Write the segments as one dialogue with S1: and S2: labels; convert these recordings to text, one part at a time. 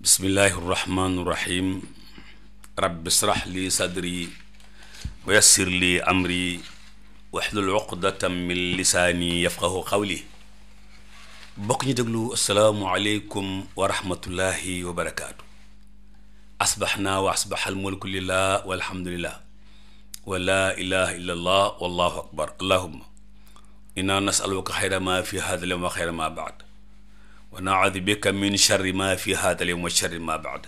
S1: bismillahi irrahmani irrahim rabbi israh li sadri wa yassir li amri wahlul uqdatan min lisaani yafqahu qawli bokk ñu déglu asalaamu aleykum wa rahmatullahi wa barakaatu asbaxnaa wa asbaxa almulku lillah walhamdulillah wa laa ilaha illa allah wallahu akbar allahuma inna nasaluka xayra ma fi hada lam wa xayra ma baad wa naudu bika min charri ma fi haadal yowm wa charri ma baad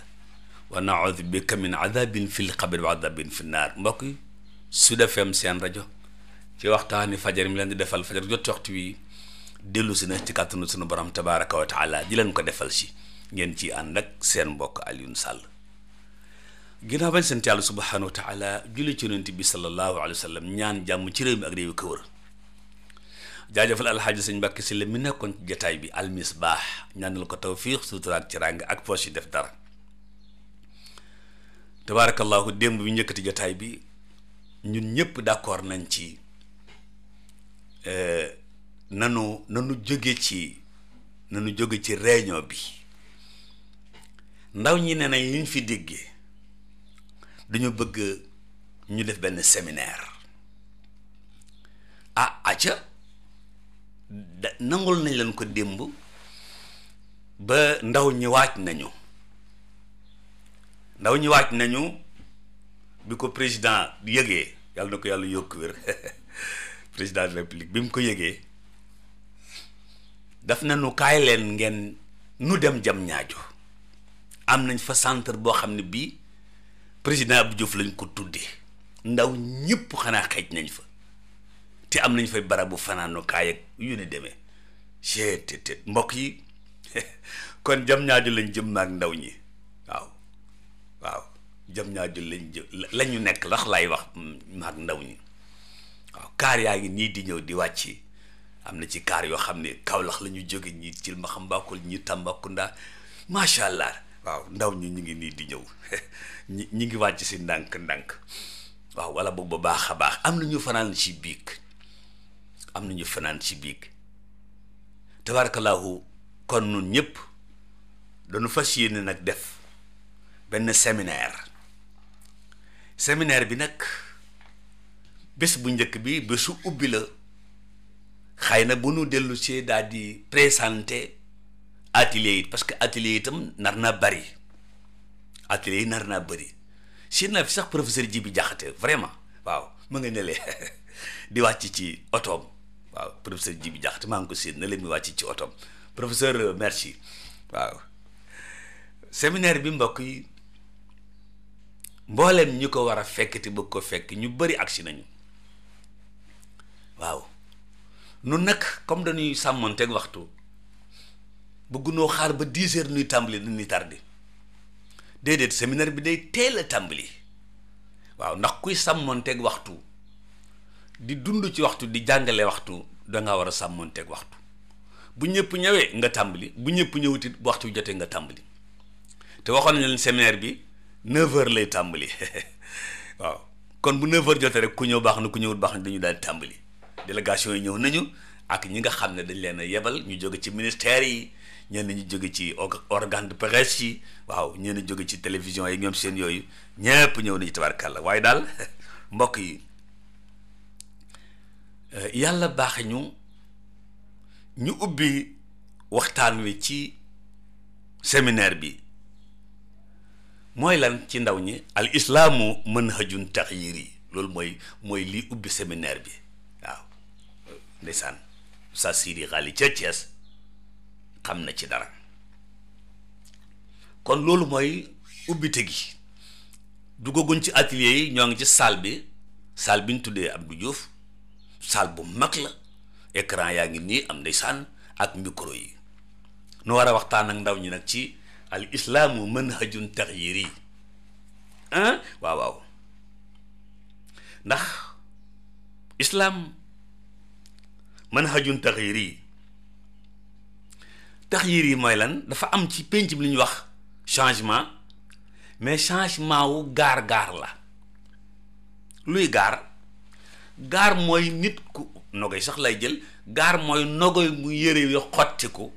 S1: wa naudu bika min adabin fi lxabri wa adabin fi naar mbokk yi Sud FM seen rajo ci waxtaani fajar mi leen di defal fajar jot waxtu wi dellu si na ci kàttanu sunu borom tabaraka wa taala di leen ko defal si ngeen ci ànd ak seen mbokk Alioune Sall ginnaaw bañ sant yàlla subhanahu wa taala julli ci yonent bi sallallahu alayhi wa sallam ñaan jàmm ci réew mi ak réew yu ko wër jaajëfal alxaaji sëñ Mbàkke si la mu nekkoon ci jataay bi almisbaax ñaanal ko tawfiix suturaak ci ràng ak poche yi def dara tabaarakallaahu démb bi njëkkati jataay bi ñun ñëpp d'accord nañ ci euh, nanu nanu jóge ci nanu jóge ci réunion bi ndaw ñi ne nañ liñ fi diggee dañu bëgg ñu def benn seminaire ah aca nangul nañ leen ko démb ba ndaw ñi waaj nañu ndaw ñi waaj nañu bi ko président yëgee yàlla na ko yàlla yokk wér président de république bi mu ko yëgee daf na nu kaay leen ngeen nu dem jam ñaajo am nañ fa centre boo xam ne bii président Abdou Diouf lañ ko tuddee ndaw ñëpp xanaa xeej nañ fa te am nañ fay barabu fanaanukaay ak yu ni demee seetetet mbokk yi kon jam ñaaju lañ jëm maag ndaw ñi waaw waaw jam ñaaju lañ la ñu nekk lax laay wax maag ndaw ñi waaw kaar yaa ngi nii di ñëw di wàcc am na ci kaar yoo xam ne Kaolack la ñu jóge ñii cil ma xam mbaakul ñi Tambacounda macha allah waaw ndaw ñi ñu ngi nii di ñëw ñi ñi ngi wàcc si ndànk-ndànk waaw wala boog ba a baax am na ñu fanaan si biig am nañu fanaan ci biig tabarakallahu kon nun ñëpp dañu fas yéene nag def benn séminaire séminaire bi nag bés bu njëkk bi bésu ubbi la xëy na bu nu dellu see daal di présenté atelier yi parce que atelier itam nar naa bari atelier yi nar naa bëri si na fi sax professeur ji bi jaxate vraiment waaw mu nga ne di wàcc ci otoom waaw professeur Djibi Diakhaté maa ngi ko séen na la mi wàcc ci otom professeur euh, merci waaw séminaire bi mbokk yi mbooleem ñi ko war a fekk te bëgg ko fekk ñu bari aksi nañu waaw nun nag comme dañuy sàmmanteeg waxtu bëggunoo xaar ba dix heures nuy tàmbali dañuy tardé déedéet séminaire bi day teel a tàmbali waaw ndax kuy sàmmanteeg waxtu di dund ci waxtu di jàngale waxtu danga war a sàmmoon sàmmoonteeg waxtu bu ñëpp ñëwee nga tàmbali bu ñëpp ñëwuti waxtu bi jotee nga tàmbali te waxoon nañ leen séminaire bi neuf heures lay tàmbali waaw kon bu neuf heures jotee rek ku ñëw baax na ku ñëwut baax na dañu daal tàmbali délégation yi ñëw nañu ak ñi nga xam ne dañ leen a yebal ñu jóge ci ministères yi ñenn ñu jóge ci organe de presse yi waaw ñenn jóge ci télévision yi ñoom seen yooyu ñëpp ñëw nañu tabarkàlla waaye daal mbokk yi Euh, yàlla baax ñu ñu ubbi waxtaan wi ci séminaire bi mooy lan ci ndaw ñi al islaamu manhajun yi loolu mooy mooy lii ubbi séminaire bi waaw ndeysaan sa siri xaali ca Thiès xam na ci dara kon loolu mooy ubbite gi dugaguñ ci atelier yi ñoo ngi ci salle bi salle bi ñu tuddee Abdou Diouf salle bu mag la écran yaa ngi nii am ndeysaan ak micro yi nu war a waxtaan ak ndaw ñi nag ci al islaamu manhajun taxyiri ah waaw waaw ndax islaam manhajun taxyiri taxyiri mooy lan dafa am ci pénc bi li ñuy wax changement mais changement wu gaar gaar la luy gaar gaar mooy nit ku nogay sax lay jël gaar mooy nogay mu yëre yu xottiku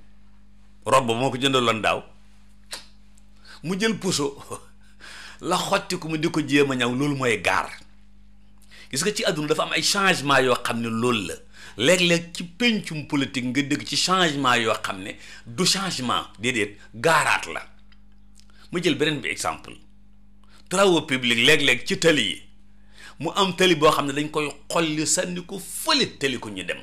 S1: robb moo ko jëndaloon daaw mu jël puso la xottiku mu di ko jéem a ñaw loolu mooy gaar gis nga ci àdduna dafa am ay changement yoo xam ne loolu la léeg-léeg ci péncum politique nga dégg ci changement yoo xam ne du changement déedéet gaaraat la mu jël beneen bi exemple travaux publics léeg-léeg ci tali yi mu am tëli boo xam ne dañ koy xolli sànni ko fële tëli ko ñu dem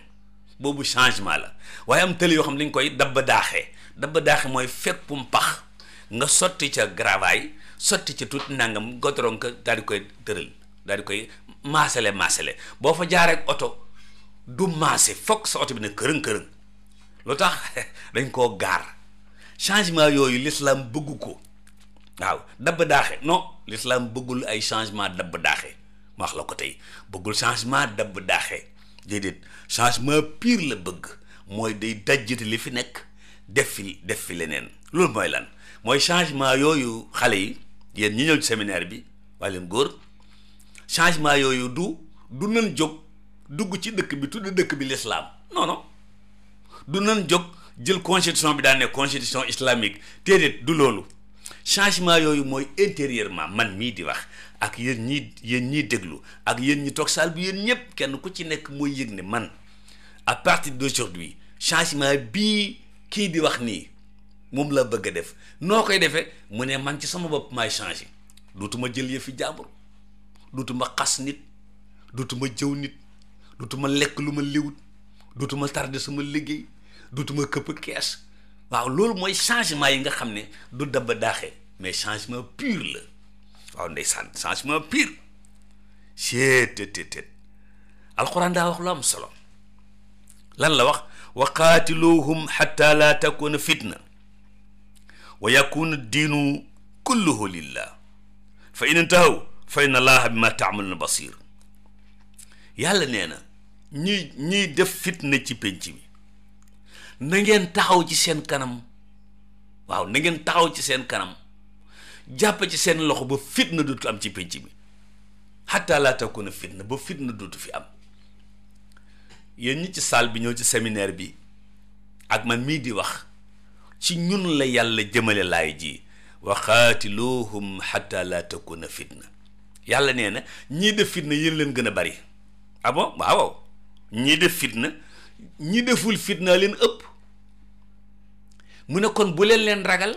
S1: boobu changement la waaye am tëli yoo xam ne dañ koy dabba daaxee dabba daaxee mooy feppum pax nga sotti ca gravaay sotti ca tuuti nangam goudron ko daal di koy tëral daal di koy maasale maasale boo fa jaaree oto du maase fokk sa oto bi ne kërëng kërëng lu tax dañ koo gaar changement yooyu l'islam bëggu ko waaw dabb daaxe non l'islam bëggul ay changement dabb daaxe ma wax la ko tey bëggul changement dabb daaxee déedéet changement piir la bëgg mooy day dajjati li fi nekk def fi def fi leneen loolu mooy lan mooy changement yooyu xale yi yéen ñu ñëw ci séminaire bi waa leen góor changement yooyu du du nan jóg dugg ci dëkk bi tudd dëkk bi l'islam non du nan jóg jël constitution bi daan ne constitution islamique déedéet du loolu changement yooyu mooy intérieurement man mii di wax ak yéen ñii yéen ñii déglu ak yéen ñi toog saal bi yéen ñëpp kenn ku ci nekk mooy yëg ne man à partir d'aujourd'hui changement bii kii di wax nii moom la bëgg a def noo koy defee mu ne man ci sama bopp maay changé dootuma jël yëfi jàmbur dootuma xas nit dootuma jëw nit dootuma lekk lu ma liwut dootuma tardé sama liggéey dootuma këpp kees waaw loolu mooy changement yi nga xam ne du daba daaxee mais changement pur la waaw ndeysaan changement pur seet tët tët alxuraan daa wax lu am solo lan la wax wa qaatiluhum xatta laa takuna fitna wa yakuna diinu kulluhu lillah fa in intahaw fa inna allaha bima taamaluuna basir yàlla nee na ñuy ñuy def fitna ci penc mi na ngeen taxaw ci seen kanam waaw na ngeen taxaw ci seen kanam jàpp ci seen loxo ba fitna dootu am ci pénc bi xataa na fitna ba fitna dootu fi am yéen ñi ci salle bi ñëw ci séminaire bi ak man mii di wax ci ñun la yàlla jëmale laay ji wa xaatiluhum xataa laa takku na fitna yàlla nee na ñii def fitna yéen leen gën a bari ah waaw ñii def fitna ñi deful fitna leen ëpp mu ne kon bu leen leen ragal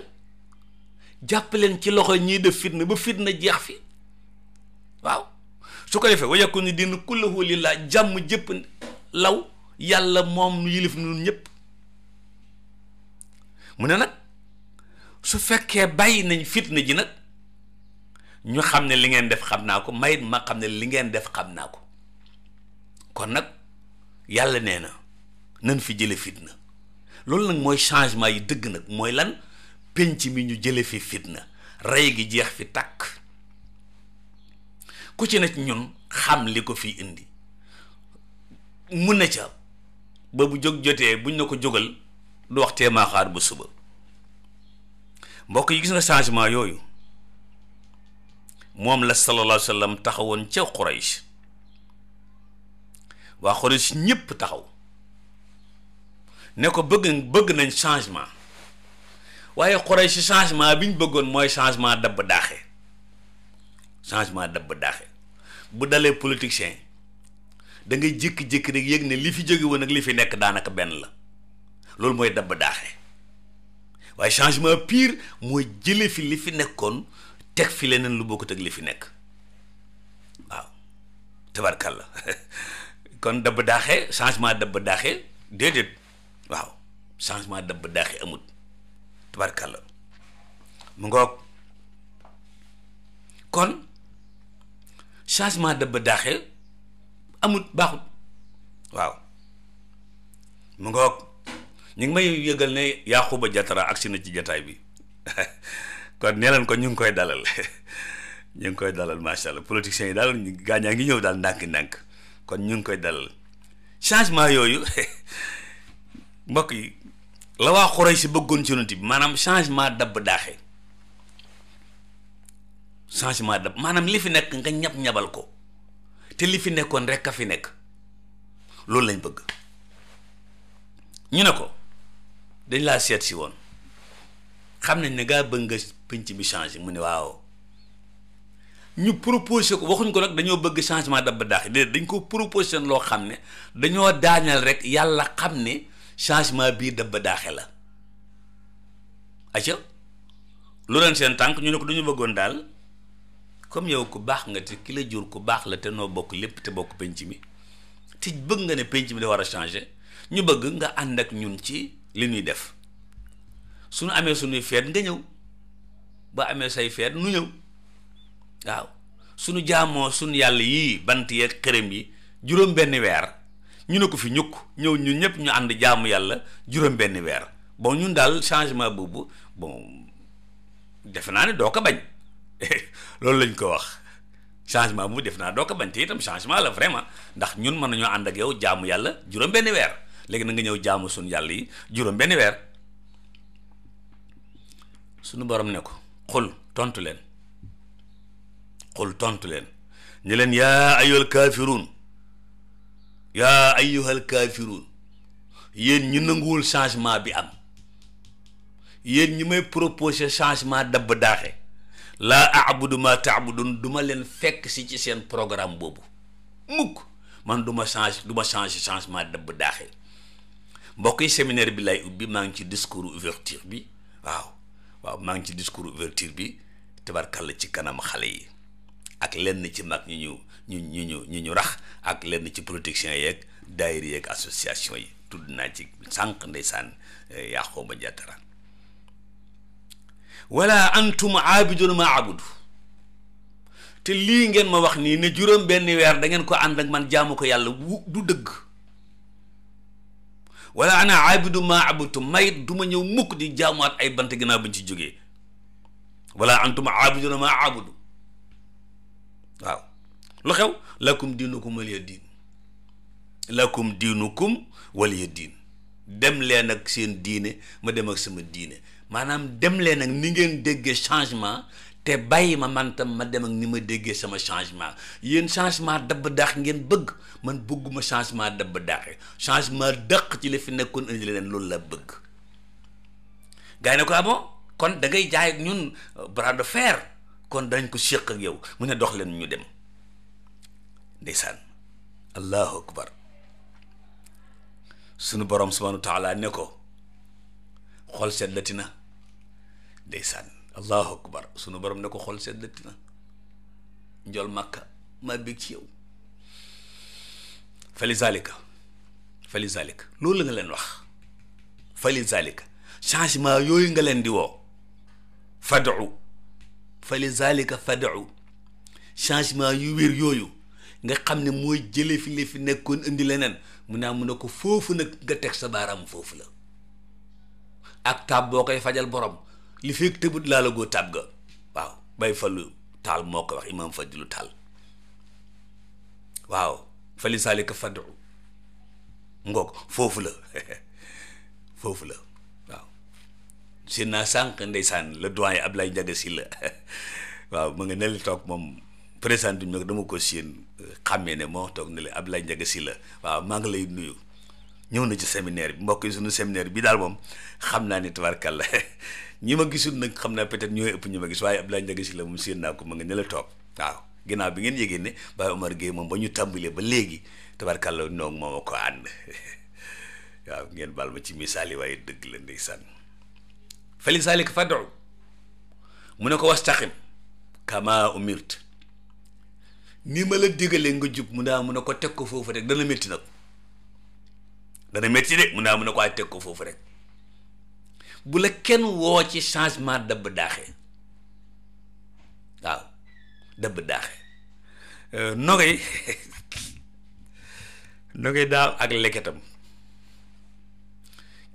S1: jàpp leen ci loxo ñii def fitna ba fitna jeex fi waaw su ko defee wa yakunu diinu kulluhu laa jàmm jëpp law yàlla moom yilif nun ñëpp mu ne nag su fekkee bàyyi nañ fitna ji nag ñu xam ne li ngeen def xam naa ko may ma xam ne li ngeen def xam naa ko kon nag yàlla nee na nan fi jële fitna loolu nag mooy changement yi dëgg nag mooy lan penc mi ñu jële fi fitna rey gi jeex fi tàkk ku ci ne ñun xam li ko fi indi mu ne ca ba bu jóg jotee buñ na ko jógal du waxtee maaxaar ba suba mbokk yi gis nga changement yooyu moom la sallallahu alayhi wa taxawoon ca Quraysh waa Quraysh ñëpp taxaw ne ko bëgg bëgg nañ changement waaye xorey si changement bi ñu bëggoon mooy changement dabb daaxe changement dabb daaxe bu dalee politicien da ngay jékki-jékki rek yëg ne li fi jóge woon ak li fi nekk daanaka benn la loolu mooy dabb daaxe waaye changement pire mooy jële fi li fi nekkoon teg fi leneen lu bokkut ak li fi nekk waaw tabarkalla kon dabb daaxe changement dabb daaxe déedéet waaw changement dëbb daaxi amut tubarkàlla mu ngoog kon changement dëbb daaxe amut baaxut waaw mu ngoog ñu ngi may yëgal ne Yaquba Jatara agsi na ci jataay bi kon nee leen ko ñu ngi koy dalal ñu ngi koy dalal macha allah politiciens yi daal gaañaa ngi ñëw daal ndànk-ndànk kon ñu ngi koy dalal changement yooyu mbokk yi la waa Xuraysh si bëggoon ci bi maanaam changement dabb daaxe changement dabb maanaam li fi nekk nga ñab-ñabal ko te li fi nekkoon rek a fi nekk loolu lañ bëgg ñu ne ko dañ laa seet si woon xam nañ ne gaa bëgg nga pinc bi changé mu ne waaw ñu proposé ko waxuñ ko nag dañoo bëgg changement dabb daaxe dañ ko proposé loo xam ne dañoo daaneel rek yàlla xam ne changement bii dëbb daaxe la aca lu leen seen tànk ñu ne ko du bëggoon daal comme yow ku baax nga te kilo jur ku baax la te noo bokk lépp te bokk penc mi te bëgg nga ne penc mi da war a changer ñu bëgg nga ànd ak ñun ci li ñuy def suñu amee suñuy feet nga ñëw ba amee say feet nu ñëw waaw suñu jaamoo suñu yàlla yii bant yeeg xërëm yi juróom benn weer ñu ne ko fi ñukk ñëw ñu ñëpp ñu ànd jàmm yàlla juróom benn weer bon ñun daal changement boobu bon defe naa ne doo ko bañ loolu lañ ko wax changement bu def naa doo ko bañ te itam changement la vraiment ndax ñun mën nañoo ànd ak yow jaamu yàlla juróom benn weer léegi na nga ñëw jaamu suñu yàlla yi juróom benn weer suñu borom ne ko xul tontu leen xul tontu leen ñu leen yaa ayyul kaafiruun yaa ayyuhal kaafiruun yéen ñu nanguwul changement bi am yéen ñi may proposé changement dabb daaxe laa abudu ma taabudun du leen fekk si ci seen programme boobu mukk man du ma change du ma change changement dabb daaxe mbokk yi séminaire bi lay ubbi maa ngi ci discours ouverture bi waaw waaw maa ngi ci discours ouverture bi tabarkàlla ci kanam xale yi ak lenn ci mag ñi ñu ñu ñu ñu ñu ñu rax ak lenn ci protection yeeg daayira yeeg association yi tudd naa ci sànq ndeysaan eh, Yakhouba Diatara wala antum aabiduna ma abudu te lii ngeen ma wax nii ne juróom weer da ngeen ko ànd man jaamu ko yàlla wu du dëgg wala ana aabidu ma du ma ñëw mukk di jaamuwaat ay bant ginnaaw bañ ci jógee wala antum aabiduna ma abudu waaw lu xew lakum diinukum waliya diin lakum diinukum waliya diin dem leen ak seen diine ma dem ak sama diine maanaam dem leen ak ni ngeen déggee changement te bàyyi ma man tam ma dem ak ni ma déggee sama changement yéen changement dabb daax ngeen bëgg man bëgguma changement dabb daaxe changement dëq ci la fi nekkoon indi leen loolu la bëgg gaa ko ah kon da ngay jaay ñun euh, bras de fer kon dañ ko séq ak yow mu ne dox leen ñu dem ndeysaan allahu akbar sunu borom subhanahu wa ne ko xol seddati na ndeysaan allahu akbar sunu borom ne ko xol seddati na njol màkka maa bég ci yow fali zalika fali zalika loolu la nga leen wax fali zalika changement yooyu nga leen di woo fadu fali zalika fadu changement yu wér yooyu nga xam ne mooy jële fi li fi nekkoon indi leneen mu naa mun ne ko foofu nag nga teg sa baaraam foofu la ak taab boo koy fajal boroom li fekk tëbut laa la goo taab ga waaw bay fallu taal moo ko wax imaam fadilu taal waaw fali saalika fadu ngoog foofu la foofu la waaw seen naa sànq ndeysaan le doyen Ablaye Ndiaga Sylla waaw mu nga nelli toog moom président bi nag dama ko séen euh, xàmmee ne moo toog ne la Abdoulaye Ndiaga la waaw maa ngi lay nuyu ñëw na ci seminaire bi mbokk yi suñu séminaire bi daal moom xam naa ni ne tabarkalla ñi ma gisul nag xam naa peut-être ñooy ëpp ñu ma gis waaye Abdoulaye Ndiaga Sylla moom séen naa ko ma nga ne la toog waaw ginnaaw bi ngeen yégée ne Baye Omar Gueye moom ba ñu tàmbalee ba léegi tabarkalla noonu moo ma ko ànd waaw ngeen baal ma ci misaal yi waaye dëgg la ndeysaan fali salik fadu ne ko wastaqim kama ni ma la digalee nga jub mun naa mun a ko teg ko foofu rek dana métti nag dana metti de mun naa mun a ko ay teg ko foofu rek bu la kenn woo ci changement dabb daaxee waaw dabb daaxee euh, nogay nogay ak leketam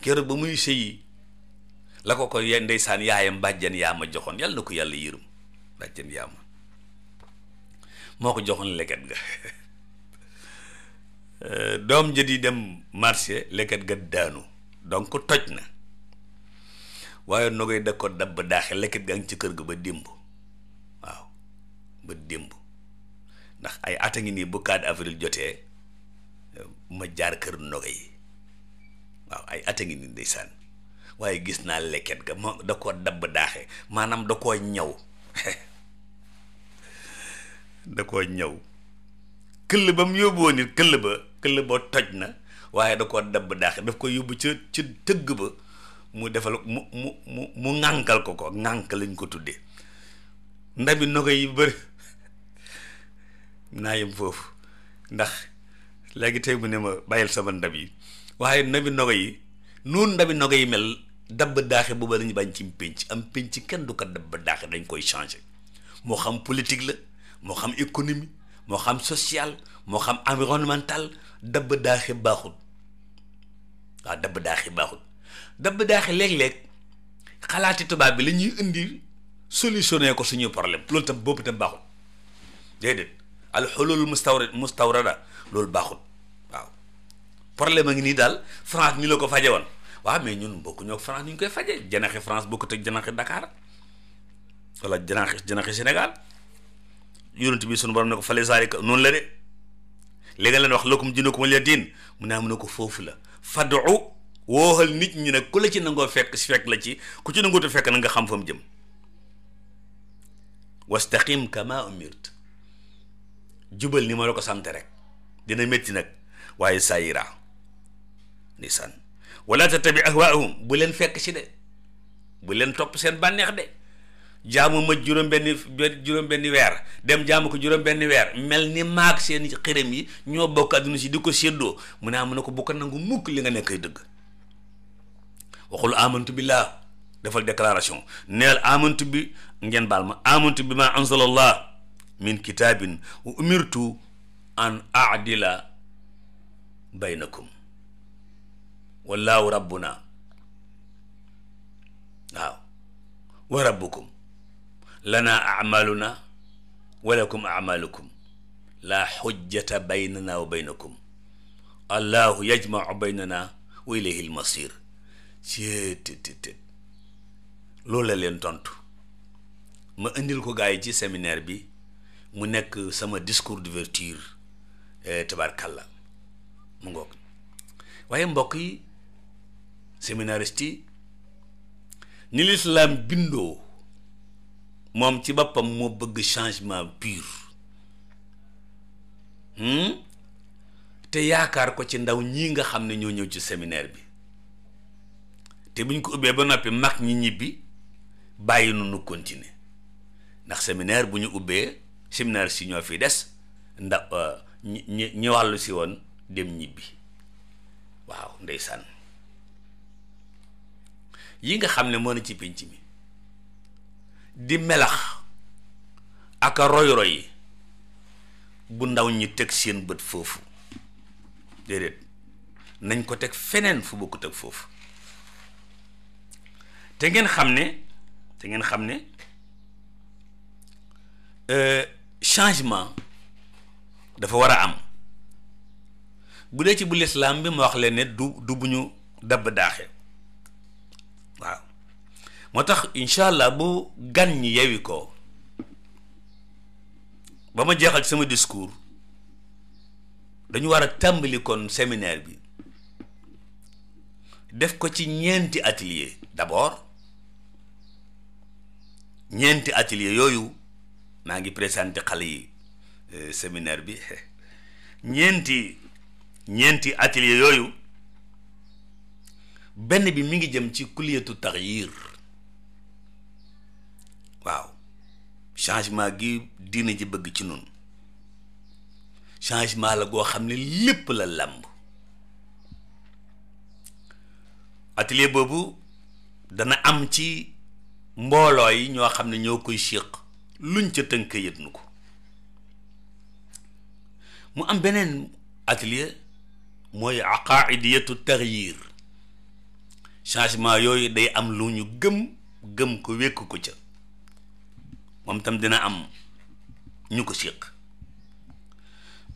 S1: keroog ba muy sëyi la ko ko ndeysaan yaayam bàjjan yaa ma joxoon yàlla na ko yàlla yërëm bàjjan yaa ma moo ko joxoon leket ga euh, doom ja di dem marché leket ga daanu donc toj na waaye nogay da ko dabb daaxe leket ga ngi ci kër ga ba démb waaw ba démb ndax ay at ngi nii bu 4 avril jotee ma jaar kër nogay waaw ay at ngi nii ndeysaan waaye gis naa leket ga moo da koo dabb daaxe maanaam da koo ñaw da koo ñëw këll ba mu yóbboo nit këll ba këll ba toj na waaye da koo dabb daax daf ko yóbbu ca ci tëgg ba mu defal mu mu mu mu ŋànkal ko ko ŋànk lañ ko tuddee ndabi na ko yi bëri naa yem foofu ndax léegi tey mu ne ma bàyyil sama ndab yi waaye ndabi nogo yi noonu ndabi nogo yi mel dabb daaxe booba dañu bañ ci pénc am pénc kenn du ko dabb daaxe dañ koy changé moo xam politique la moo xam économie moo xam social moo xam environnemental dabb daaxe baaxul waaw dabb daaxe baaxul dabb daaxe léeg-léeg xalaati tubaab bi la ñuy indi solutionné ko suñuy problème loolu tam boobu tam baaxul déedéet al xulul mustawrid mustawrada loolu baaxul waaw problème a ngi nii daal France ni la ko faje woon waaw mais ñun mbokku ñoo France ñu ngi koy faje janaxi France bokkut ak janaxi dakaar wala janaxi janaxi Sénégal yonent bi sunu borom ne ko fale zaalika noonu la de léegi leen wax lakum diinukum waliya diin mu ne am ah, na ko foofu la fadu wooxal nit ñi nag ku la ci nangoo fekk si fekk la ci ku ci nanguutu fekk na nga xam fa mu jëm wastaqim kama umirt jubal ni ma la ko sant rek dina métti nag waaye sayira ndeysaan wala tattabi ahwaahum bu leen fekk si de bu leen topp seen bànneex de jaamu ma juróom-benni weer dem jaamu ko juróom-benni weer mel ni maak seen xërëm yi ñoo bokk adduna si di ko séddoo mu ne am ah, na ko bu ko nangu mukk li nga nekk dëgg waxul amantu billah defal déclaration neel amantu bi ngeen baal ma amantu bi ma anzalallah min kitaabin wa umirtu an aadila baynakum wallaahu rabbuna waaw wa rabbukum lana amaluna walakum amalukum la xujjata baynana wa baynakum allahu yajmau baynana wa ilayhi lmasir cttt loolu la leen tontu ma indil ko gars yi ci séminaire bi mu nekk sama discours d'ouverture eh, tabarkalla mu ngoog waaye mbokk yi séminariste yi ni lislaam bindoo moom ci boppam moo bëgg changement pur hmm? te yaakaar ko ci ndaw ñii nga xam ne ñoo ñëw ci séminaire bi te buñ ko ubbee ba noppi mag ñi ñibbi bàyyi nu nu ndax séminaire bu ñu ubbee séminaire si ñoo fi des ndax euh, ñi ñi ñi wàllu si woon dem ñibbi waaw ndeysaan yi nga xam ne moo na ci pénc mi di melax ak a roy roy bu ndaw ñi teg seen bët foofu déedéet nañ ko teg feneen fu bokkut ak foofu te ngeen xam ne te ngeen xam ne euh, changement dafa war a am bu dee ci bu lislaam bi ma wax leen ne du du bu ñu dabb daaxe moo tax incha allah bu gan ñi yewi ko ba ma jeexal ci sama discours dañu war a tàmbali kon séminaire bi def ko ci ñeenti atelier d'abord ñeenti atelier yooyu maa ngi présenté xale yi euh, séminaire bi ñeenti ñeenti atelier yooyu benn bi mi ngi jëm ci kuliyatu taxyir waaw changement gi diine ji bëgg ci nun changement la goo xam ne lépp la làmb atelier boobu dana am ci mbooloo yi ñoo xam ne ñoo koy séq luñ ca tënk yët nu ko mu am beneen atelier mooy aqaidiyatu taxyir changement yooyu day am lu ñu gëm gëm ko wékk ko ca moom tam dina am ñu ko séq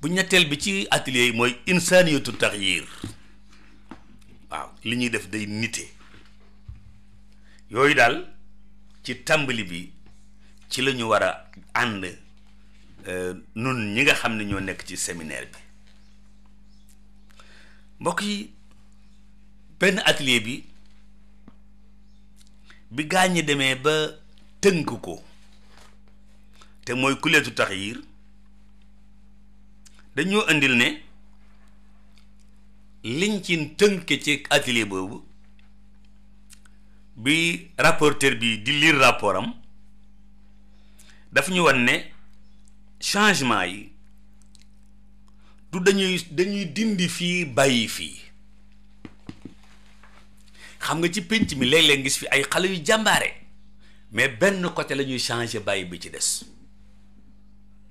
S1: bu ñetteel bi ci atelier yi mooy insaniyatu taxyir waaw li ñuy def day nite yooyu daal ci tàmbali bi ci lañu war a ànd euh, nun ñi nga xam ne ñoo nekk ci séminaire bi mbokk yi benn atelier bi bi gaañ demee ba tënk ko te mooy kuleetu taxyir dañoo indil ne liñ ci tënke ci atelier boobu bi rapporteur bi di liir rapport am daf ñu wan ne changement yi du dañuy dañuy dindi fii bàyyi fii xam nga ci pénc mi léeg-léeg ngis fi ay xale yu jàmbaare mais benn côté la ñuy changer bàyyi bi ci des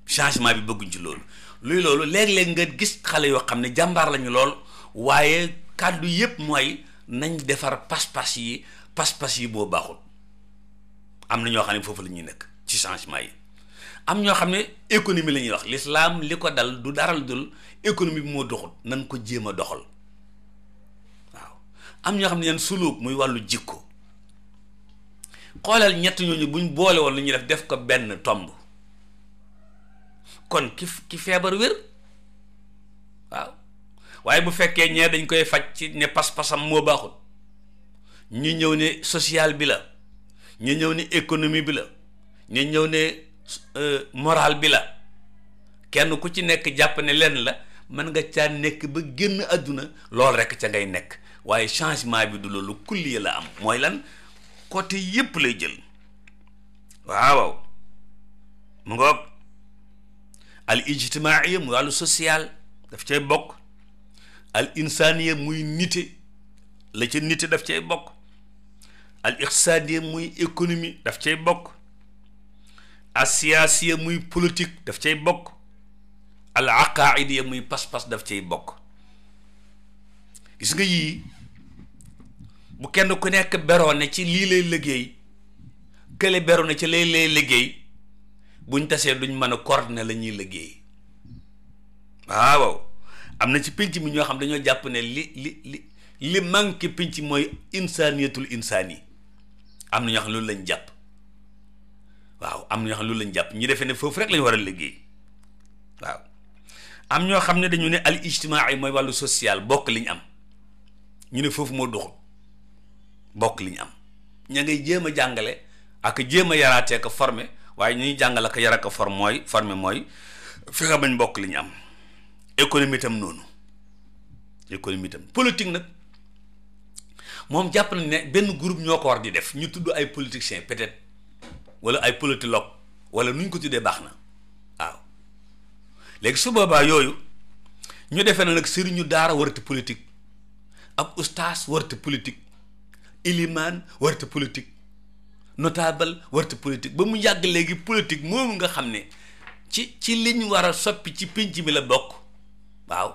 S1: changement bi bëgguñ ci loolu luy loolu léeg-léeg nga gis xale yoo xam ne jàmbaar lañu lool waaye kàddu yépp mooy nañ defar pas-pas yi pas-pas yi boo baaxul am na ñoo xam ne foofu la ñuy nekk ci changement yi am ñoo xam ne économie la ñuy wax l'islam li ko dal du daral dul économie bi moo doxul nañ ko jéem a doxal waaw am ñoo xam ne yan suluk muy wàllu jikko xoolal ñett ñooñu buñ boole woon lu ñuy def def ko benn tomb kon ki ki feebar wér waaw waaye bu fekkee ñee dañ koy faj ci ne pas-pasam moo baaxut ñu ñëw ne social bi la ñu ñëw ne économie bi la ñu ñëw ne euh, moral bi la kenn ku ci nekk jàpp ne lenn la mën nga caa nekk ba génn àdduna loolu rekk ca ngay nekk waaye changement bi du loolu kulli la am mooy lan côté yépp lay jël waaw mu ngoog al ijtimaaiya mu wàllu social daf cay bokk al insaaniya muy nite la ca nite daf cay bokk al iqtisaadiya muy économie daf cay bokk al siyaasiya muy politique daf cay bokk al aqaaidiya muy pas-pas daf cay bokk gis nga yii bu kenn ku nekk beroo ne ci lii lay liggéey kële beroo ne ci lay lay liggéey buñ tasee duñ mën a coordonner la ñuy liggéey waaw am na ci pinc mi ñoo xam dañoo jàpp ne li li li li manqué pinc mooy insaniyatul insani am na ñoo xam loolu lañ jàpp waaw am na ñoo xam loolu lañ jàpp ñu defee ne foofu rek lañ war a liggéey waaw am ñoo xam ne dañu ne al ijtimaai mooy wàllu social bokk liñ am ñu ne foofu moo doxul bokk liñ am ña ngay jéem a jàngale ak jéem a yaraatee ko former waaye ñuy jàngal ak yar ak for mooy forme mooy fexe bañ bokk li ñu am économie itam noonu économie itam politique nag moom jàpp nañ ne benn groupe ñoo ko war di def ñu tudd ay politiciens peut-être wala ay politologue wala nu ñu ko tuddee baax na waaw léegi su boobaa yooyu ñu defee na nag ñu daara war warati politique ab ustaas warati politique ilimaan warati politique notable warta politique ba mu yàgg léegi politique moomu nga xam ne ci ci liñ war a soppi ci pénc mi la bokk waaw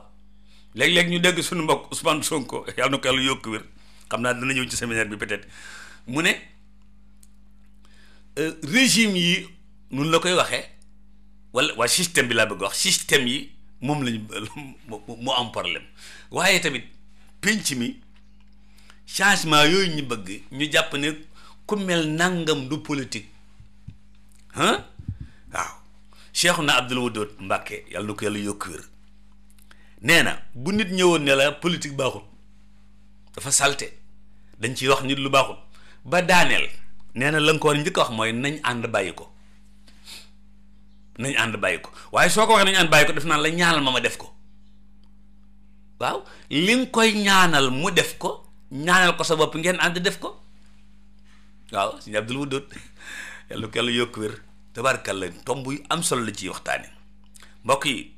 S1: léeg-léeg ñu dégg suñu mbokk Ousmane Sonko yàlla na ko yàlla yokk wér xam naa dana ñëw ci séminaire bi peut-être mu ne euh, régime yi nun la koy waxee wala waa système bi laa bëgg wax système yi moom lañu mu am problème waaye tamit pénc mi changement yooyu ñu bëgg ñu jàpp ne ku mel nangam du politique ah waaw na Abdul Wadood Mbàkke yàlla na ko yàlla yokk wér nee na bu nit ñëwoon ne la politique baaxul dafa salte dañ ciy wax nit lu baaxul ba daaneel nee na la nga ko war njëkk a wax mooy nañ ànd bàyyi ko nañ ànd bàyyi ko waaye soo ko waxee nañ ànd bàyyi ko def naan la ñaanal ma ma def ko waaw li nga koy ñaanal mu def ko ñaanal ko sa bopp ngeen ànd def ko waaw sëñ Abdul Wadud yàlla ko yàlla yokk wér tabaarkalla tomb yu am solo la ciy waxtaane mbokk yi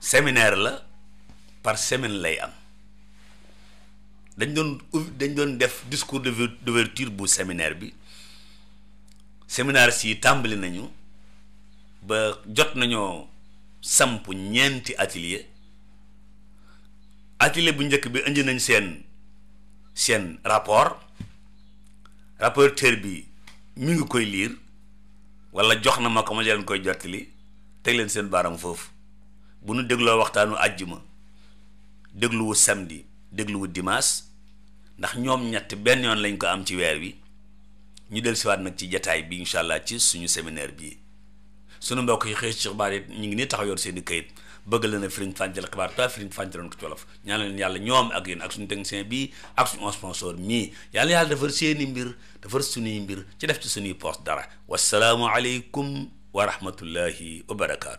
S1: séminaire la par semaine lay am dañ doon dañ doon def discours de d'ouverture bu séminaire bi seminaire si tàmbali nañu ba jot nañoo samp ñeenti atelier atelier bu njëkk bi indi nañ seen seen rapport rapporteur bi mu ngi koy liir wala jox na ma ko ma leen koy jottali teg leen seen baaram foofu bu nu dégloo waxtaanu àjjuma dégluwu samedi dégluwu dimaas ndax ñoom ñett benn yoon lañ ko am ci weer wi ñu del siwaat nag ci jataay bi incha allah ci suñu séminaire bii suñu mbokk yi xëy ci xibaar yi ñu ngi nii taxaw yoon seen i këyit bëgg la na firiñ fànjal xibaar ta firiñ fànjaloon ko ci wolof ñaan leen yàlla ñoom ak yéen ak suñu technicien bii ak suñu sponsor mii yàlla yàlla defar seeni mbir defar suñuy mbir ci def ci suñuy poste dara wasalaamu aleykum wa rahmatullahi wa barakaatu